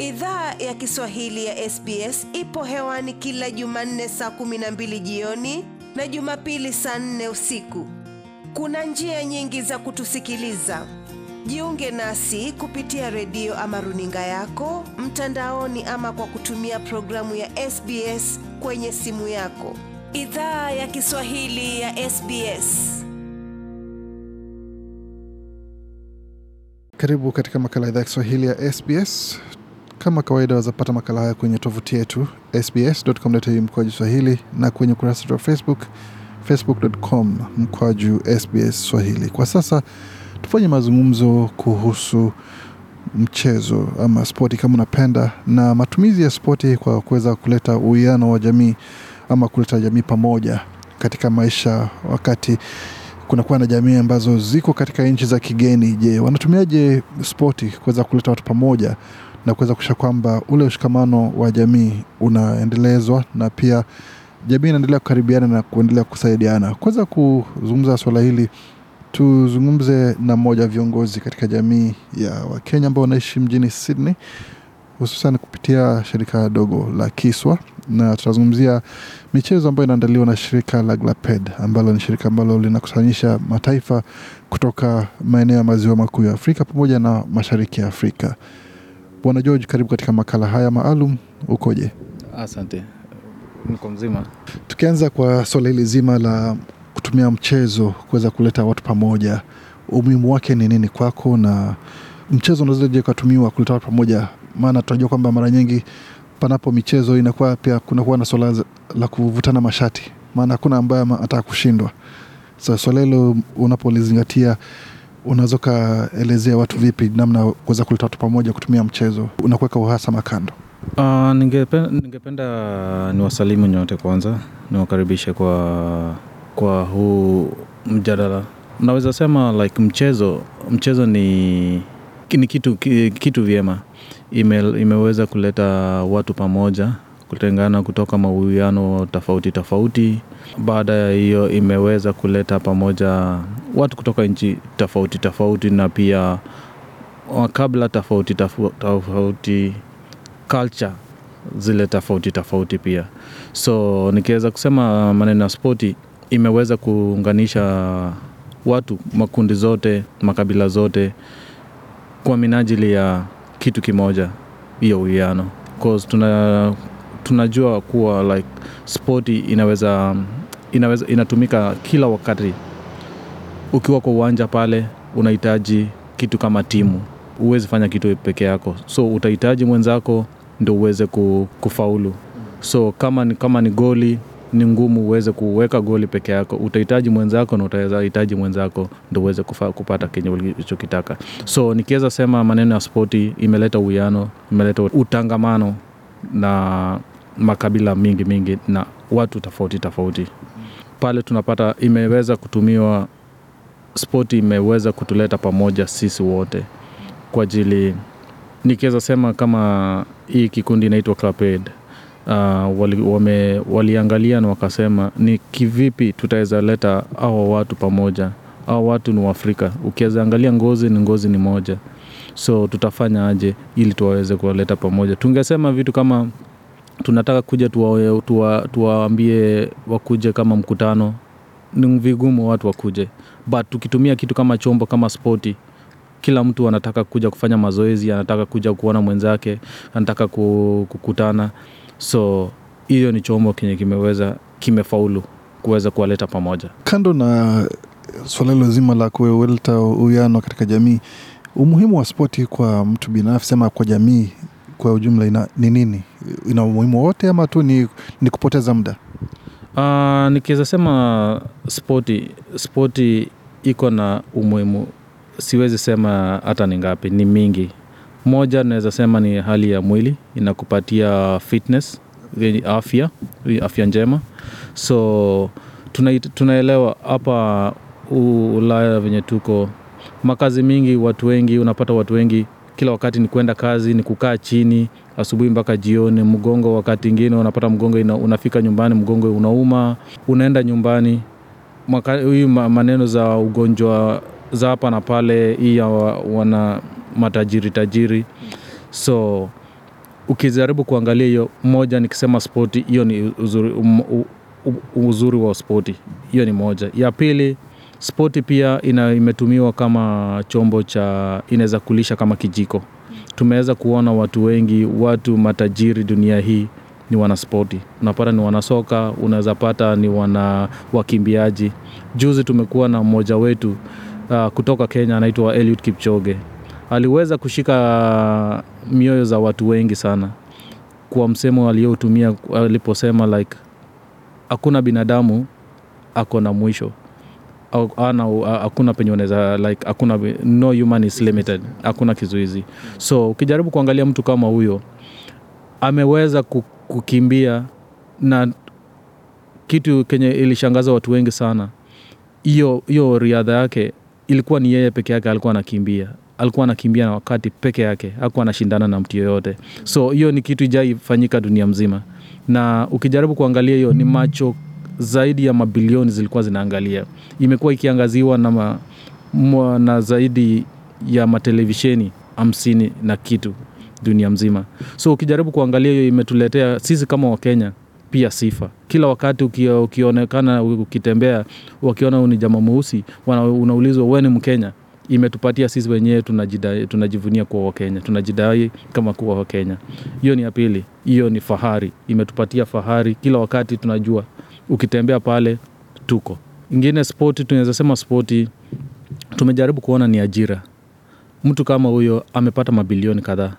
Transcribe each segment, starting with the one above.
Idhaa ya Kiswahili ya SBS ipo hewani kila Jumanne saa kumi na mbili jioni na Jumapili saa nne usiku. Kuna njia nyingi za kutusikiliza. Jiunge nasi kupitia redio ama runinga yako mtandaoni, ama kwa kutumia programu ya SBS kwenye simu yako. Idhaa ya Kiswahili ya SBS. Karibu katika makala idhaa ya Kiswahili ya SBS. Kama kawaida wazapata makala haya kwenye tovuti yetu sbs.com.au mkwaju Swahili na kwenye ukurasa wetu wa Facebook facebook.com mkwaju SBS Swahili. Kwa sasa tufanye mazungumzo kuhusu mchezo ama spoti kama unapenda, na matumizi ya spoti kwa kuweza kuleta uwiano wa jamii ama kuleta jamii pamoja katika maisha wakati kunakuwa na jamii ambazo ziko katika nchi za kigeni. Je, wanatumiaje spoti kuweza kuleta watu pamoja na kuweza kuisha kwamba ule ushikamano wa jamii unaendelezwa na pia jamii inaendelea kukaribiana na kuendelea kusaidiana. Kuweza kuzungumza swala hili, tuzungumze na mmoja wa viongozi katika jamii ya Wakenya ambao wanaishi mjini Sydney, hususan kupitia shirika dogo la Kiswa, na tutazungumzia michezo ambayo inaandaliwa na shirika la Glaped ambalo ni shirika ambalo linakusanyisha mataifa kutoka maeneo ya maziwa makuu ya Afrika pamoja na mashariki ya Afrika. Bwana George, karibu katika makala haya maalum. Ukoje? Asante, niko mzima. Tukianza kwa swala hili zima la kutumia mchezo kuweza kuleta watu pamoja, umuhimu wake ni nini kwako, na mchezo unawezaje ukatumiwa kuleta watu pamoja? Maana tunajua kwamba mara nyingi panapo michezo inakuwa pia kunakuwa na swala la kuvutana mashati, maana hakuna ambaye anataka kushindwa. So, swala hilo unapolizingatia unaweza ukaelezea watu vipi namna kuweza kuleta watu pamoja kutumia mchezo na kuweka uhasama kando? Uh, ah, ningependa, ningependa niwasalimu nyote kwanza, niwakaribishe kwa, kwa huu mjadala. Naweza sema like mchezo mchezo ni, ni kitu, kitu vyema ime, imeweza kuleta watu pamoja kutengana kutoka mawiano tofauti tofauti. Baada ya hiyo imeweza kuleta pamoja watu kutoka nchi tofauti tofauti na pia kabla tofauti tofauti culture zile tofauti tofauti pia so nikiweza kusema maneno ya spoti imeweza kuunganisha watu makundi zote makabila zote kwa minajili ya kitu kimoja hiyo uwiano tuna tunajua kuwa like spoti inaweza, inaweza inatumika kila wakati ukiwa kwa uwanja pale unahitaji kitu kama timu, huwezi fanya kitu peke yako, so utahitaji mwenzako ndo uweze kufaulu. So kama ni, kama ni goli ni ngumu uweze kuweka goli peke yako, utahitaji mwenzako na utahitaji mwenzako ndo uweze kupata kenye ulichokitaka. So nikiweza sema maneno ya spoti imeleta uwiano, imeleta utangamano na makabila mingi mingi na watu tofauti tofauti, pale tunapata imeweza kutumiwa spoti imeweza kutuleta pamoja sisi wote kwa ajili nikiweza sema kama hii kikundi inaitwa uh, wali, waliangalia na wakasema ni kivipi tutaweza leta awa watu pamoja. au watu ni Waafrika, ukiweza angalia ngozi ni ngozi ni moja, so tutafanya aje ili tuwaweze kuwaleta pamoja. Tungesema vitu kama tunataka kuja tuwaambie tuwa, tuwa wakuje kama mkutano ni vigumu watu wakuje, but tukitumia kitu kama chombo kama spoti, kila mtu anataka kuja kufanya mazoezi, anataka kuja kuona mwenzake, anataka kukutana. So hiyo ni chombo kenye kimeweza kimefaulu kuweza kuwaleta pamoja. Kando na suala hilo zima la kuweleta uwiano katika jamii, umuhimu wa spoti kwa mtu binafsi ama kwa jamii kwa ujumla ni nini? Ina umuhimu wote ama tu ni, ni kupoteza muda? Uh, nikiweza sema spoti spoti iko na umuhimu, siwezi sema hata ni ngapi, ni mingi. Moja naweza sema ni hali ya mwili, inakupatia fitness, afya afya njema. So tuna, tunaelewa hapa Ulaya venye tuko makazi mingi, watu wengi unapata, watu wengi kila wakati ni kwenda kazi, ni kukaa chini asubuhi mpaka jioni. Mgongo wakati ingine unapata mgongo ina, unafika nyumbani mgongo unauma, unaenda nyumbani. Hii maneno za ugonjwa za hapa na pale, hii ya wana matajiri tajiri, so ukijaribu kuangalia hiyo moja, nikisema spoti hiyo ni uzuri, um, uzuri wa spoti hiyo ni moja. Ya pili spoti pia ina, imetumiwa kama chombo cha inaweza kulisha kama kijiko tumeweza kuona watu wengi, watu matajiri dunia hii ni wanaspoti, unapata ni wanasoka, unaweza pata ni wana wakimbiaji. Juzi tumekuwa na mmoja wetu uh, kutoka Kenya anaitwa Eliud Kipchoge. Aliweza kushika mioyo za watu wengi sana kwa msemo aliyotumia aliposema like hakuna binadamu ako na mwisho ana hakuna penye unaweza like hakuna no human is limited hakuna kizuizi so ukijaribu kuangalia mtu kama huyo ameweza kukimbia na kitu kenye ilishangaza watu wengi sana hiyo hiyo riadha yake ilikuwa ni yeye peke yake alikuwa anakimbia alikuwa anakimbia na wakati peke yake hakuwa anashindana na mtu yoyote so hiyo ni kitu ijaifanyika dunia mzima na ukijaribu kuangalia hiyo ni macho zaidi ya mabilioni zilikuwa zinaangalia. Imekuwa ikiangaziwa na, ma, na zaidi ya matelevisheni hamsini na kitu dunia mzima. So ukijaribu kuangalia hiyo imetuletea sisi kama Wakenya pia sifa. Kila wakati ukionekana ukitembea, wakiona ni jamaa mweusi, unaulizwa wewe ni Mkenya. Imetupatia sisi wenyewe tunajivunia kuwa Wakenya, tunajidai kama kuwa Wakenya. Hiyo ni ya pili, hiyo ni fahari, imetupatia fahari kila wakati tunajua ukitembea pale tuko ingine spoti tunaweza sema spoti tumejaribu kuona ni ajira mtu kama huyo amepata mabilioni kadhaa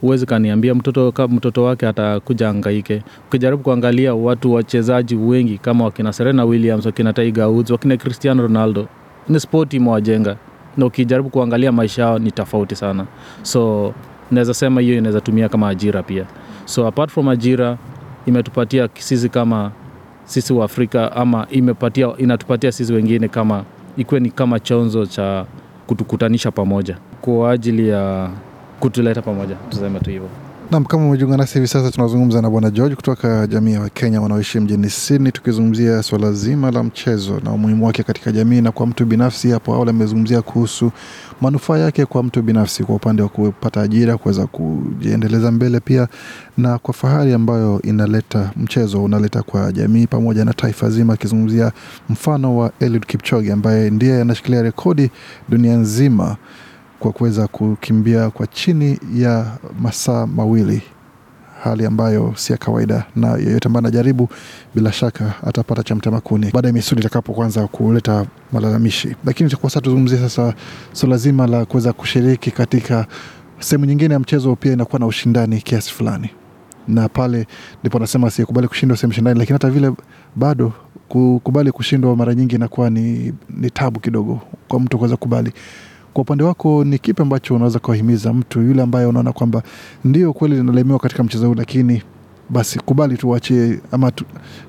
huwezi kaniambia mtoto, mtoto wake atakuja angaike ukijaribu kuangalia watu wachezaji wengi kama wakina serena williams wakina tiger woods wakina cristiano ronaldo ni spoti imewajenga na ukijaribu kuangalia maisha yao ni tofauti sana so naweza sema hiyo inaweza tumia kama ajira pia so apart from ajira imetupatia sisi kama sisi wa Afrika ama imepatia, inatupatia sisi wengine kama ikiwe ni kama chanzo cha kutukutanisha pamoja kwa ajili ya kutuleta pamoja, tuseme tu hivyo. Nam, kama umejiunga nasi hivi sasa, tunazungumza na Bwana George kutoka jamii ya Wakenya wanaoishi mjini Sydney, tukizungumzia swala zima la mchezo na umuhimu wake katika jamii na kwa mtu binafsi. Hapo awali amezungumzia kuhusu manufaa yake kwa mtu binafsi, kwa upande wa kupata ajira, kuweza kujiendeleza mbele, pia na kwa fahari ambayo inaleta mchezo unaleta kwa jamii pamoja na taifa zima, akizungumzia mfano wa Eliud Kipchoge ambaye ndiye anashikilia rekodi dunia nzima kwa kuweza kukimbia kwa chini ya masaa mawili, hali ambayo si ya kawaida, na yeyote ambaye anajaribu bila shaka atapata cha mtema baada ya misuli kwanza kuleta malalamishi. Lakini itakuwa sasa tuzungumzie sasa suala zima la kuweza kushiriki katika sehemu nyingine ya mchezo. Pia inakuwa na ushindani kiasi fulani, na pale ndipo anasema sikubali kushindwa sehemu shindani, lakini hata vile bado kukubali kushindwa mara nyingi inakuwa ni, ni tabu kidogo kwa mtu kuweza kubali kwa upande wako ni kipi ambacho unaweza kuwahimiza mtu yule ambaye unaona kwamba ndio kweli linalemewa katika mchezo huu, lakini basi kubali tu uachie ama tu,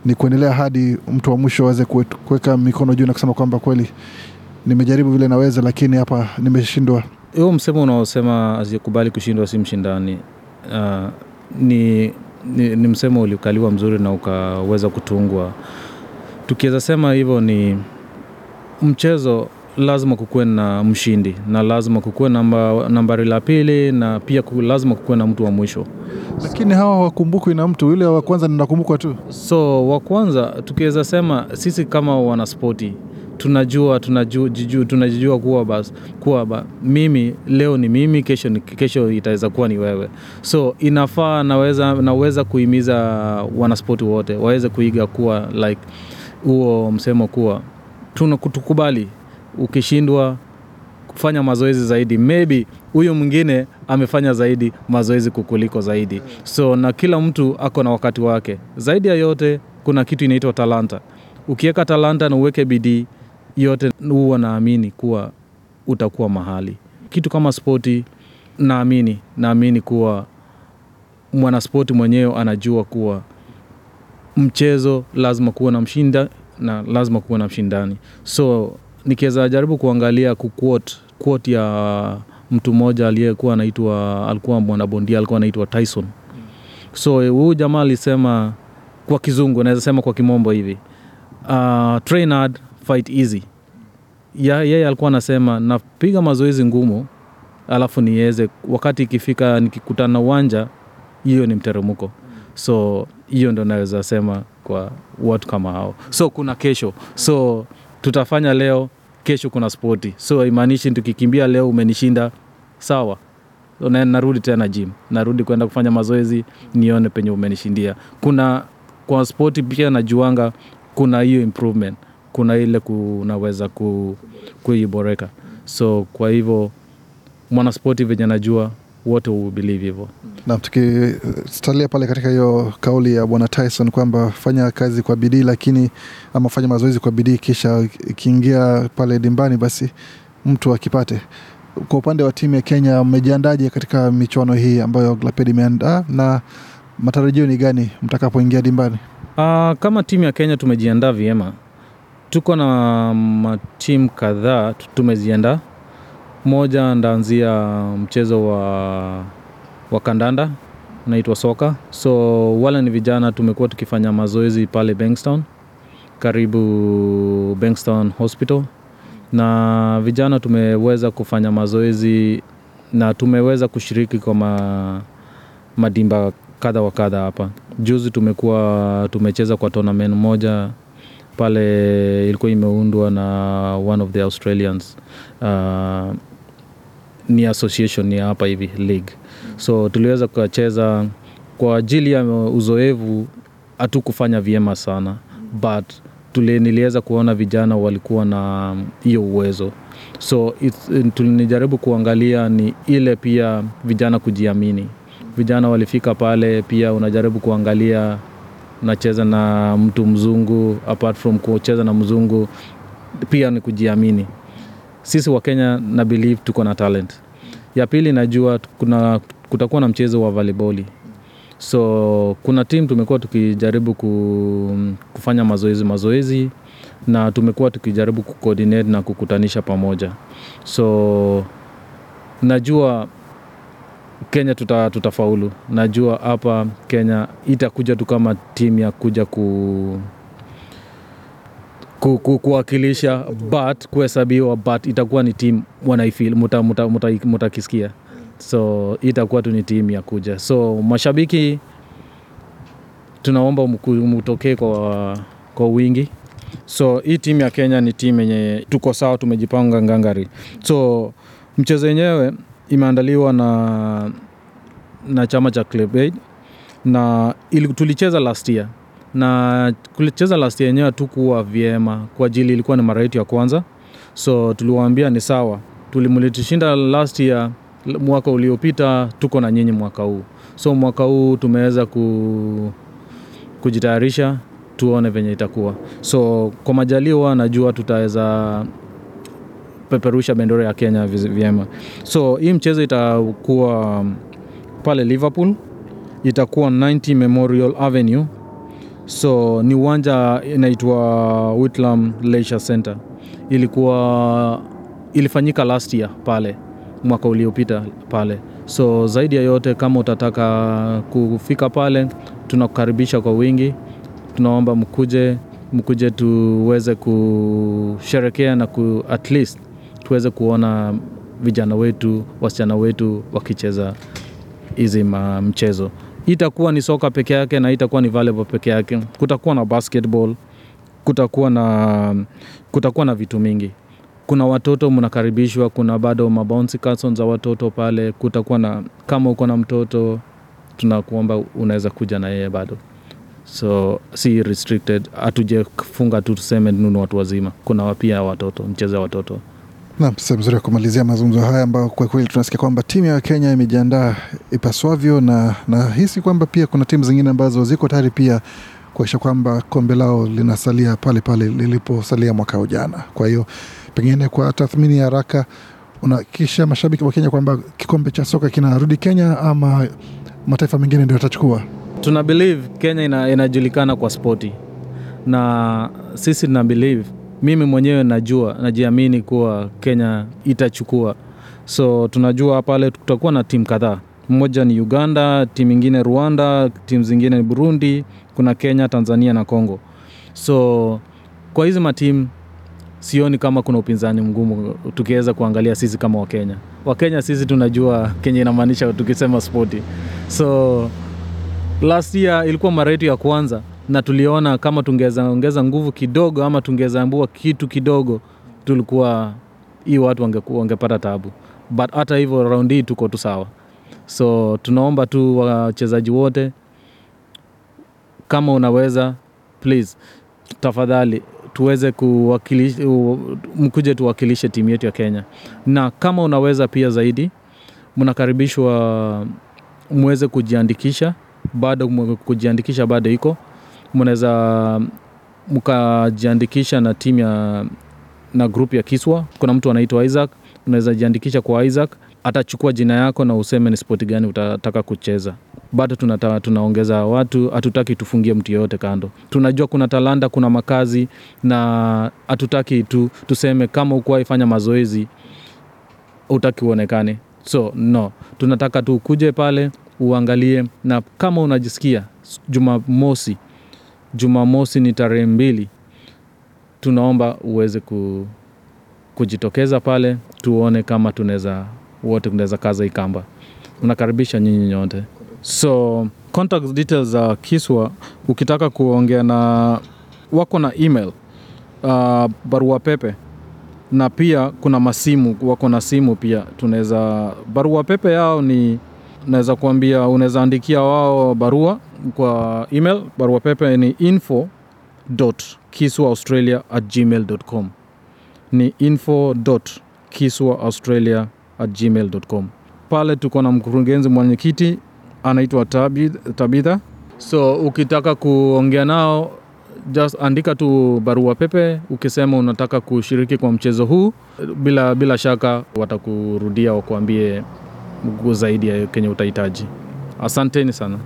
ni kuendelea hadi mtu wa mwisho aweze kuweka mikono juu na kusema kwamba kweli nimejaribu vile naweza, lakini hapa nimeshindwa. Huo msemo unaosema asiyekubali kushindwa si mshindani, uh, ni, ni, ni msemo ulikaliwa mzuri na ukaweza kutungwa. Tukiweza sema hivyo, ni mchezo lazima kukuwe na mshindi na lazima kukuwe namba, nambari la pili na pia kuku, lazima kukuwe na mtu wa mwisho. Lakini hawa wakumbukwi na mtu, ile wa kwanza ninakumbukwa tu. So wa kwanza tukiweza sema sisi kama wanaspoti tunajua tunajijua tunajijua kuwa bas, kuwa ba, mimi leo ni mimi, kesho, ni, kesho itaweza kuwa ni wewe. So inafaa naweza, naweza kuhimiza wanaspoti wote waweze kuiga kuwa like huo msemo kuwa tunakutukubali ukishindwa kufanya mazoezi zaidi maybe huyu mwingine amefanya zaidi mazoezi kukuliko zaidi so na kila mtu ako na wakati wake zaidi ya yote kuna kitu inaitwa talanta ukiweka talanta na uweke bidii yote huwa naamini kuwa utakuwa mahali kitu kama spoti naamini naamini kuwa mwanaspoti mwenyewe anajua kuwa mchezo lazima kuwa na mshinda na lazima kuwa na mshindani so nikiweza jaribu kuangalia kuquote quote ya mtu mmoja aliyekuwa anaitwa alikuwa mwanabondia alikuwa anaitwa Tyson. So eh, huyu jamaa alisema kwa kizungu, naweza sema kwa kimombo hivi uh, train hard, fight easy. Yeye alikuwa anasema napiga mazoezi ngumu, alafu niweze wakati ikifika nikikutana na uwanja, hiyo ni mteremko. So hiyo ndo naweza sema kwa watu kama hao. So kuna kesho, so tutafanya leo kesho kuna spoti, so haimaanishi tukikimbia leo umenishinda sawa. So, na, narudi tena gym, narudi kwenda kufanya mazoezi nione penye umenishindia. Kuna kwa spoti pia najuanga kuna hiyo improvement, kuna ile kunaweza kuiboreka. So kwa hivyo mwanaspoti venye najua wote ubelieve hivo nam tukistalia pale katika hiyo kauli ya Bwana Tyson kwamba fanya kazi kwa bidii, lakini ama fanya mazoezi kwa bidii, kisha ikiingia pale dimbani basi mtu akipate. Kwa upande wa timu ya Kenya, mmejiandaje katika michuano hii ambayo Glaped imeandaa na matarajio ni gani mtakapoingia dimbani? Uh, kama timu ya Kenya tumejiandaa vyema, tuko na matimu kadhaa tumeziandaa moja ndaanzia mchezo wa kandanda unaitwa soka. So wale ni vijana tumekuwa tukifanya mazoezi pale Bankstown, karibu Bankstown Hospital, na vijana tumeweza kufanya mazoezi na tumeweza kushiriki kwa ma, madimba kadha wa kadha hapa. Juzi tumekuwa tumecheza kwa tournament moja pale, ilikuwa imeundwa na one of the Australians uh, ni association ya hapa hivi league so tuliweza kucheza kwa ajili ya uzoevu hatukufanya vyema sana but tuli, niliweza kuona vijana walikuwa na um, hiyo uwezo so tulinijaribu kuangalia ni ile pia vijana kujiamini vijana walifika pale pia unajaribu kuangalia nacheza na mtu mzungu apart from kucheza na mzungu pia ni kujiamini sisi wa Kenya na believe tuko na talent. Ya pili najua kuna, kutakuwa na mchezo wa volleyball. So kuna timu tumekuwa tukijaribu kufanya mazoezi mazoezi na tumekuwa tukijaribu kucoordinate na kukutanisha pamoja. So najua Kenya tuta, tutafaulu. Najua hapa Kenya itakuja tu kama timu ya kuja ku kuwakilisha but kuhesabiwa but itakuwa ni timu wanaifil mutakisikia so itakuwa tu ni timu ya kuja so mashabiki tunaomba mutokee kwa, kwa wingi so hii timu ya kenya ni timu yenye tuko sawa tumejipanga ngangari so mchezo yenyewe imeandaliwa na na chama cha Club na tulicheza last year na kulicheza last yenyewe kuwa vyema kwa ajili ilikuwa ni mara yetu ya kwanza so tuliwaambia ni sawa tulimlitishinda last year mwaka uliopita tuko na nyinyi mwaka huu so mwaka huu tumeweza ku, kujitayarisha tuone venye itakuwa so kwa majaliwa najua tutaweza peperusha bendera ya kenya vyema so hii mchezo itakuwa pale liverpool itakuwa 90 memorial avenue So ni uwanja inaitwa Whitlam Leisure Center, ilikuwa ilifanyika last year pale mwaka uliopita pale. So zaidi ya yote, kama utataka kufika pale, tunakukaribisha kwa wingi. Tunaomba mkuje, mkuje tuweze kusherekea na ku, at least tuweze kuona vijana wetu, wasichana wetu wakicheza hizi mchezo itakuwa ni soka peke yake na itakuwa ni volleyball peke yake. Kutakuwa na basketball, kutakuwa na, kutakuwa na vitu mingi. Kuna watoto mnakaribishwa, kuna bado mabouncy castle za watoto pale. Kutakuwa na kama uko na mtoto tunakuomba unaweza kuja na yeye bado so si restricted, hatujafunga tu tuseme nunu watu wazima. Kuna pia watoto, mchezo wa watoto. Nam, sehemu nzuri ya kumalizia mazungumzo haya ambayo kwa kweli tunasikia kwamba timu ya Kenya imejiandaa ipaswavyo, na nahisi kwamba pia kuna timu zingine ambazo ziko tayari pia kuakisha kwamba kombe lao linasalia pale pale liliposalia mwaka ujana. Kwa hiyo pengine kwa tathmini ya haraka unahakikisha mashabiki wa Kenya kwamba kikombe cha soka kinarudi Kenya ama mataifa mengine ndio yatachukua? Tuna believe Kenya ina, inajulikana kwa spoti na sisi tuna believe mimi mwenyewe najua, najiamini kuwa Kenya itachukua. So tunajua pale tutakuwa na timu kadhaa, mmoja ni Uganda, timu ingine Rwanda, timu zingine ni Burundi, kuna Kenya, Tanzania na Congo. So kwa hizi matimu sioni kama kuna upinzani mgumu tukiweza kuangalia sisi kama Wakenya. Wakenya sisi tunajua Kenya inamaanisha tukisema spoti. So last year ilikuwa mara yetu ya kwanza na tuliona kama tungeweza ongeza nguvu kidogo ama tungeweza ambua kitu kidogo, tulikuwa hii watu wangepata tabu, but hata hivyo round hii tuko tu sawa, so tunaomba tu wachezaji wote, kama unaweza please, tafadhali tuweze kuwakilisha, mkuje tuwakilishe timu yetu ya Kenya, na kama unaweza pia zaidi, mnakaribishwa muweze kujiandikisha, bado kujiandikisha bado iko mnaweza mkajiandikisha na timu ya na group ya Kiswa. Kuna mtu anaitwa Isaac, unaweza jiandikisha kwa Isaac, atachukua jina yako na useme ni spoti gani utataka kucheza. Bado tunata, tunaongeza watu, hatutaki tufungie mtu yoyote kando. Tunajua kuna talanta, kuna makazi na hatutaki tu tuseme kama ukuwahi ifanya mazoezi utaki uonekane. So no, tunataka tu ukuje pale uangalie, na kama unajisikia Jumamosi Jumamosi ni tarehe mbili. Tunaomba uweze ku, kujitokeza pale tuone kama tunaweza wote tunaweza kaza ikamba. Unakaribisha nyinyi nyote. So contact details za Kiswa ukitaka kuongea na wako na email uh, barua pepe na pia kuna masimu wako na simu pia tunaweza barua pepe yao ni naweza kuambia, unaweza andikia wao barua kwa email. Barua pepe ni info kiswaaustralia at gmail com, ni info kiswaaustralia at gmail com. Pale tuko na mkurugenzi mwenyekiti anaitwa Tabitha, so ukitaka kuongea nao just andika tu barua pepe ukisema unataka kushiriki kwa mchezo huu, bila, bila shaka watakurudia wakuambie mguu zaidi ya kenye utahitaji. Asanteni sana.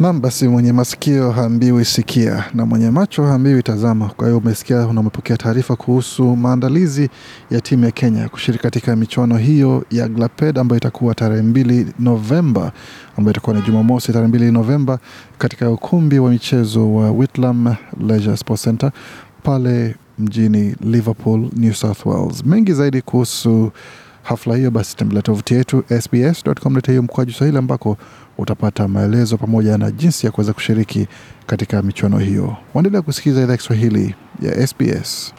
Nam basi, mwenye masikio haambiwi sikia na mwenye macho haambiwi tazama. Kwa hiyo umesikia na umepokea taarifa kuhusu maandalizi ya timu ya Kenya kushiriki katika michuano hiyo ya Glaped ambayo itakuwa tarehe mbili Novemba, ambayo itakuwa ni Jumamosi tarehe mbili Novemba katika ukumbi wa michezo wa Whitlam Leisure Sports Centre pale mjini Liverpool, New South Wales. Mengi zaidi kuhusu hafla hiyo, basi tembelea tovuti yetu sbs.com.au mkoaju Swahili, ambako utapata maelezo pamoja na jinsi ya kuweza kushiriki katika michuano hiyo. Waendelea kusikiliza idhaa Kiswahili ya SBS.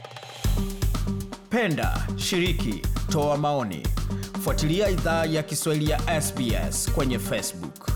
Penda, shiriki, toa maoni, fuatilia idhaa ya Kiswahili ya SBS kwenye Facebook.